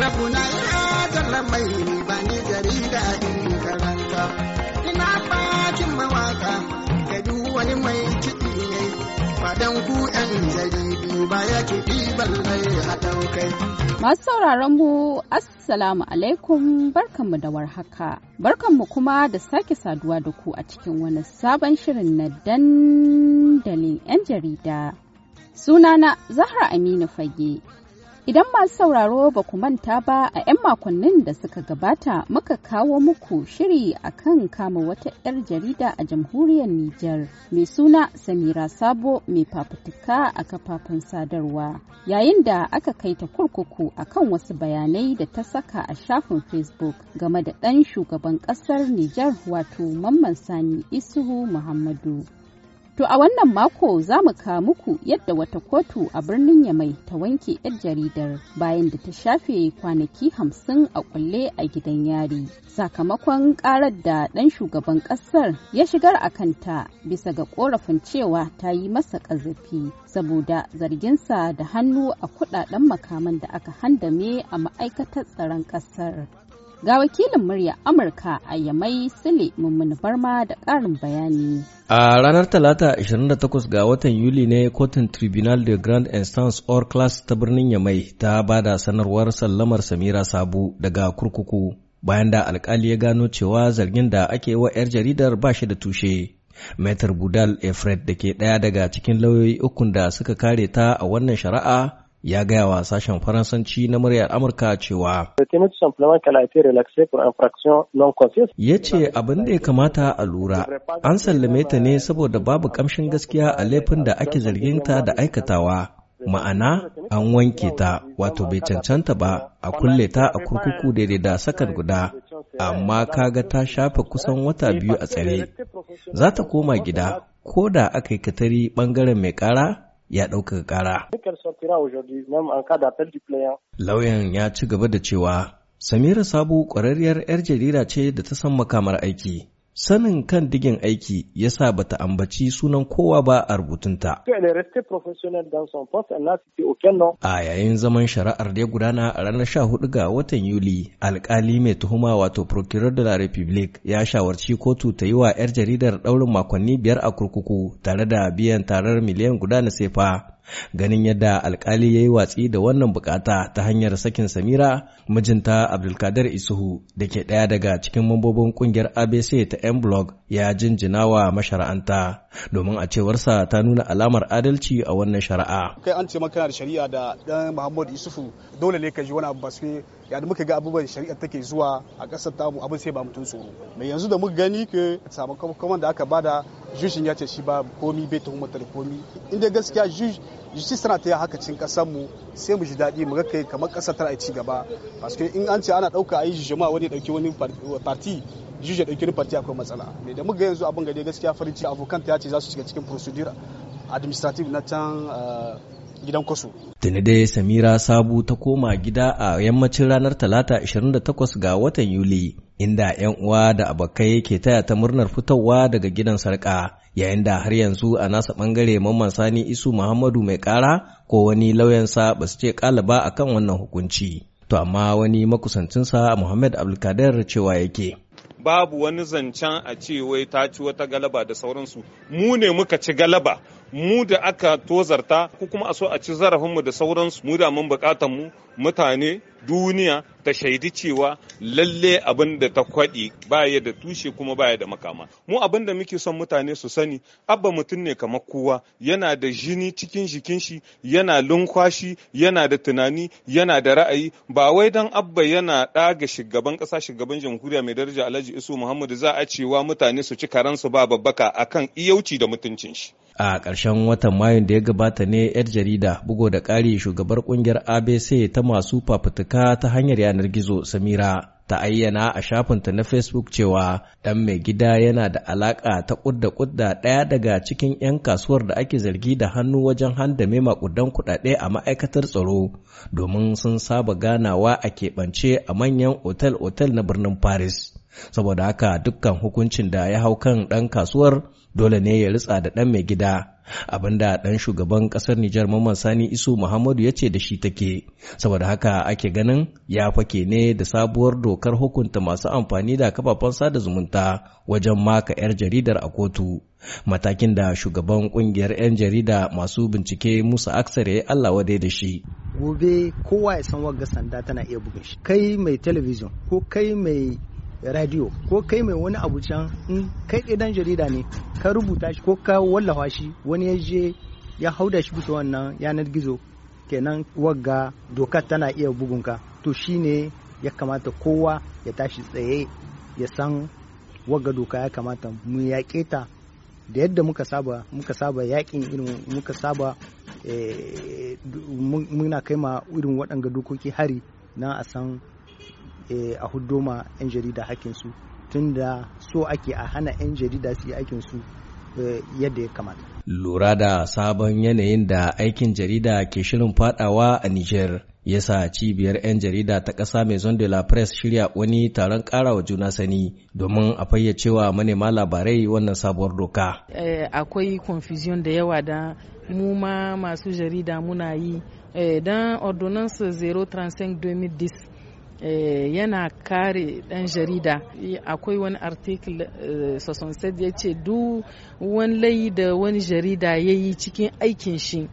rabu na ya zalla mai ba ni jarida in karanta ina bakin mawaka da duk wani mai kiɗi ne fadan ku yan jaridu ba ya kiɗi ballai a kai. Masu sauraron mu Assalamu alaikum barkanmu da warhaka. Barkanmu kuma da sake saduwa da ku a cikin wani sabon shirin na dandalin 'yan jarida. Sunana Zahra Aminu Fage. Idan masu sauraro ba ku manta ba a 'yan makonnin da suka gabata muka kawo muku shiri akan kama wata 'yar jarida a jamhuriyar Nijar mai suna Samira Sabo mai fafutuka a kafafen sadarwa yayin da aka kai ta kurkuku akan wasu bayanai da ta saka a shafin Facebook game da ɗan shugaban ƙasar Nijar wato Mamman Sani Isuhu Muhammadu. To a wannan mako za mu ka muku yadda wata kotu a birnin Yamai ta wanke 'yar jaridar bayan da ta shafe kwanaki hamsin a kulle a gidan yari. Sakamakon karar da ɗan shugaban ƙasar ya shigar a kanta bisa ga ƙorafin cewa ta yi masa ƙazafi saboda zarginsa da hannu a kudaden makaman da aka handame a ma'aikatar tsaron ƙasar. Ga wakilin murya Amurka a Yamai Sile Mummuni Barma da ƙarin bayani. A ranar Talata 28 ga watan Yuli ne kotun Tribunal de Grand Instance or Class ta birnin Yamai ta bada sanarwar sallamar Samira Sabu daga kurkuku bayan da alkali ya gano cewa zargin da ake wa 'yar jaridar ba shi da tushe. Metar Budal Efred da ke ɗaya daga cikin lauyoyi ukun da suka kare ta a wannan shari'a ya gaya wa sashen faransanci na muryar amurka cewa ya ce abin da ya kamata a lura an sallame ta ne saboda babu kamshin gaskiya a laifin da ake zargin ta da aikatawa ma'ana an wanke ta wato bai cancanta ba a kulle ta a kurkuku daidai da sakar guda amma kaga ta shafe kusan wata biyu a tsare za ta koma gida ko da aka yi katari bangaren mai kara ya ɗaukaka ƙara. Lauyan ya ci gaba da cewa Samira sabu ƙwararriyar 'yar jarida ce da ta san makamar aiki. sanin kan digin aiki ya sa ba ta ambaci sunan kowa ba a rubutunta. A yayin zaman shari'ar da ya gudana a ranar 14 ga watan Yuli, alkali mai tuhuma wato Procureur de la République ya shawarci kotu ta yi wa 'yar jaridar ɗaurin makonni biyar a kurkuku tare da biyan tarar miliyan guda na sefa. ganin yadda alkali ya yi watsi da wannan bukata ta hanyar sakin samira mijinta abdulkadir isuhu da ke ɗaya daga cikin mambobin kungiyar abc ta m blog ya jinjina wa mashara'anta domin a cewarsa ta nuna alamar adalci a wannan shari'a. Kai an ce maka da shari'a da dan Muhammad Isufu dole ne ka ji wani abu su ya da muka ga abubuwan shari'a take zuwa a ƙasar tamu abin sai ba mutum tsoro. Mai yanzu da muka gani ke sakamakon da aka bada jushin ya ce shi ba komi bai ta da komi. Inda gaskiya jush yusuf tana ta haka cin kasar mu sai mu ji daɗi mu ga kai kamar ƙasar tana ci gaba. Parce in an ce ana ɗauka a yi jama'a wani ɗauki wani parti juje da kiri parti akwai matsala me da muka yanzu abin gade gaskiya farin ciki abokan ta ce za su shiga cikin procedure administrative na can eh, gidan kwaso tuni dai samira sabu ta koma gida a yammacin ranar talata 28 ga watan yuli inda 'yan uwa da abokai ke taya ta murnar fitowa daga gidan sarka yayin da har yanzu a nasa bangare mamman sani isu muhammadu mai kara ko wani lauyansa ba su ce kalaba akan wannan hukunci to amma wani makusancinsa muhammad abdulkadir cewa yake babu wani zancen a ce wai ta ci wata galaba da sauransu mu ne muka ci galaba mu da aka tozarta ko kuma a so a ci zarafinmu da sauransu mu da mun bukatanmu mutane duniya ta shaidi cewa lalle abin da ta kwaɗi ya da tushe kuma ba ya da makama mu abin da muke son mutane su sani abba mutum ne kamar kowa yana da jini cikin jikin shi yana lunkwashi yana da tunani yana da ra'ayi ba wai dan abba yana ɗaga shugaban ƙasa shugaban jamhuriya mai daraja alhaji isu muhammadu za a cewa mutane su ci karansu ba babbaka akan iyauci da mutuncin shi a ƙarshen watan mayun da ya gabata ne yar jarida bugo da ƙari shugabar ƙungiyar abc ta masu fafutuka doka ta hanyar yanar gizo Samira ta ayyana a shafinta na Facebook cewa ɗan mai gida yana da alaƙa ta ƙudda ƙudda ɗaya daga cikin 'yan kasuwar da ake zargi da hannu wajen handame maƙudan kuɗaɗe a ma'aikatar tsaro domin sun saba ganawa a keɓance a manyan otal-otal na birnin Paris. saboda haka dukkan hukuncin da ya hau kan ɗan kasuwar dole ne ya ritsa da ɗan mai gida da ɗan shugaban ƙasar Nijar Mamman Sani Isu Muhammadu ya ce da shi take saboda haka ake ganin ya fake ne da sabuwar dokar hukunta masu amfani da kafafen sada zumunta wajen maka 'yar jaridar a kotu matakin da shugaban ƙungiyar 'yan jarida masu bincike Musa Aksar ya Allah wadai da shi gobe kowa ya san wagga sanda tana iya bugun shi kai mai talabijin ko kai mai radio ko kai mai wani abu can in kai ɗaya dan jarida ne ka rubuta shi ko ka wallafa shi wani ya je ya hauda shi bisa wannan yanar gizo kenan wagga dokar tana iya bugunka to shine ya kamata kowa ya tashi tsaye ya san wagga doka ya kamata mu yaƙe ta da yadda muka saba muka saba yaƙin irin muka saba eh, muna kai ma irin waɗanga dokoki hari na a san Eh, a huddo ma 'yan jarida hakinsu tunda so ake a hana 'yan jarida su yi aikinsu eh, yadda ya kamata. Lura da sabon yanayin da aikin jarida ke shirin fadawa a Nijar. yasa cibiyar 'yan jarida ta ƙasa mai de la press shirya wani taron wa juna sani domin a fayyacewa manema labarai wannan sabuwar doka. Eh, akwai confusion da yawa da mu ma masu jarida muna yi don ordonance 035 2010 Eh, yana kare dan jarida eh, akwai wani article 67 eh, ya ce duk wani layi da wani jarida ya yi cikin aikin shi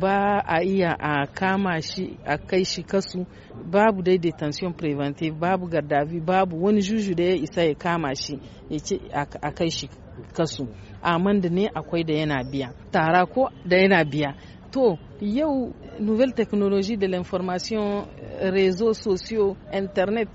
ba a iya a kama shi a kai shi kasu babu dai detention preventive babu gardavi babu wani juju da ya isa ya kama shi ya ce a kai shi kasu amman da ne akwai da yana biya tara ko da yana biya to yau nouvelle technologie de l'information rezo sosiyo internet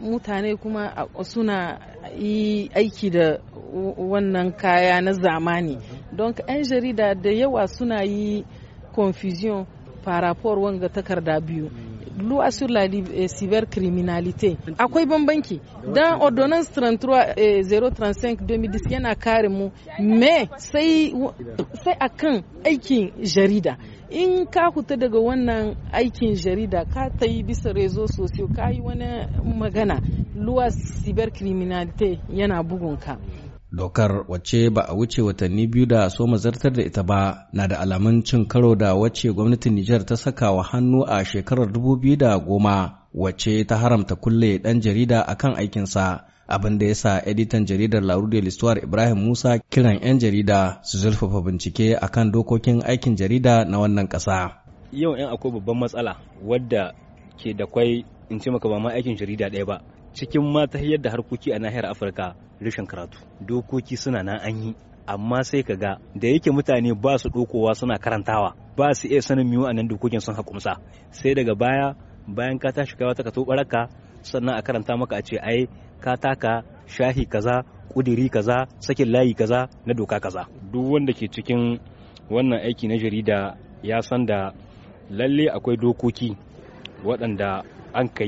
mutane kuma suna yi aiki da wannan kaya na zamani don 'yan jarida da yawa suna yi confusion par wanga takarda biyu loi sur la eh, cybercriminalité akwai bambanki dan ordonnance 33 035 2010 yana kare mu me sai akan aikin jarida in ka huta daga wannan aikin jarida ka ta yi bisa rezo sosai ka yi wani magana luwas cyber criminalite yana bugunka dokar wacce ba a wuce watanni biyu da so mazartar da ita ba na da alamun cin karo da wacce gwamnatin nijar ta saka wa hannu a shekarar 2010 wacce ta haramta kulle dan jarida akan aikinsa abin da ya sa editan jaridar La Rue de Ibrahim Musa kiran 'yan jarida su zurfafa bincike akan dokokin aikin jarida na wannan ƙasa. Yau 'yan akwai babban matsala wadda ke da kwai in ce maka ba ma aikin jarida ɗaya ba cikin ma ta yadda harkoki a nahiyar Afirka rashin karatu dokoki suna nan an yi amma sai ka ga da yake mutane ba su ɗokowa suna karantawa ba su iya sanin miyu a nan dokokin sun haƙumsa sai daga baya bayan ka tashi kawai ta ka to baraka sannan a karanta maka a ce ai ka taka shahi kaza kudiri kaza sakin layi kaza na doka kaza duk wanda ke cikin wannan aiki na jarida ya san da lalle akwai dokoki waɗanda an ka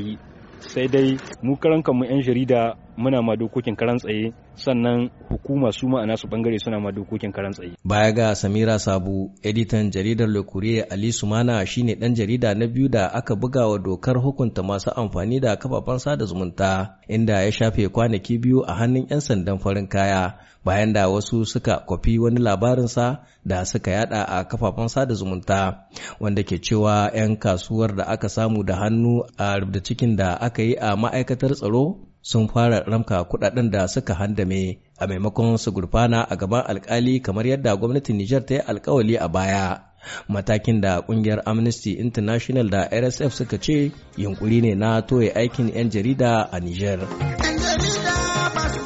sai dai mu karan mu 'yan jarida muna ma dokokin karan tsaye sannan hukuma su ma a nasu bangare suna ma dokokin karan tsaye. Baya ga Samira Sabu, editan jaridar Le Courrier Ali Sumana shine dan jarida na biyu da aka buga wa dokar hukunta masu amfani da kafafen sada zumunta inda ya shafe kwanaki biyu a hannun 'yan sandan farin kaya bayan da wasu suka kwafi wani labarinsa da suka yada a kafafen sada zumunta wanda ke cewa 'yan kasuwar da aka samu da hannu a rubda cikin da aka yi a ma'aikatar tsaro sun fara ramka kudaden da suka handame a maimakon su gurfana a gaban alkali kamar yadda gwamnatin Nijar ta yi alkawali a baya. Matakin da kungiyar Amnesty International da RSF suka ce yunkuri ne na toye aikin 'yan jarida a Nijar. 'Yan jarida ba su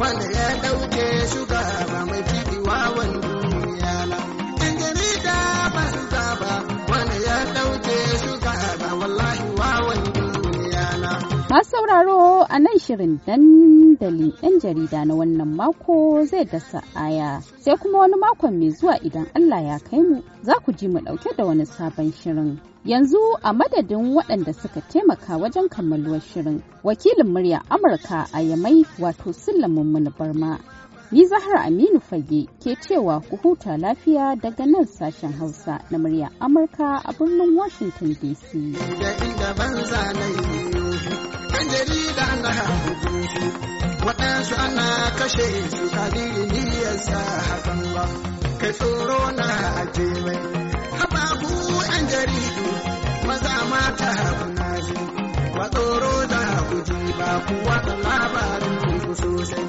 wanda ya Masu sauraro a nan shirin dandalin 'yan jarida na wannan mako zai dasa aya sai kuma wani makon mai zuwa idan Allah ya kai mu za ku ji mu ɗauke da wani sabon shirin. Yanzu a madadin waɗanda suka taimaka wajen kammaluwar shirin wakilin murya Amurka a Yamai wato Sullamin Muni Barma. Ni Zahra Aminu Fage ke cewa ku huta lafiya daga nan sashen Hausa na murya Amurka a birnin Washington DC. kashe kadiri ni sa hakan ba kai tsoro na aje mai hababu yan jaridu maza mata kuna ji ba tsoro da ku ji ba kuwa labarin ku sosai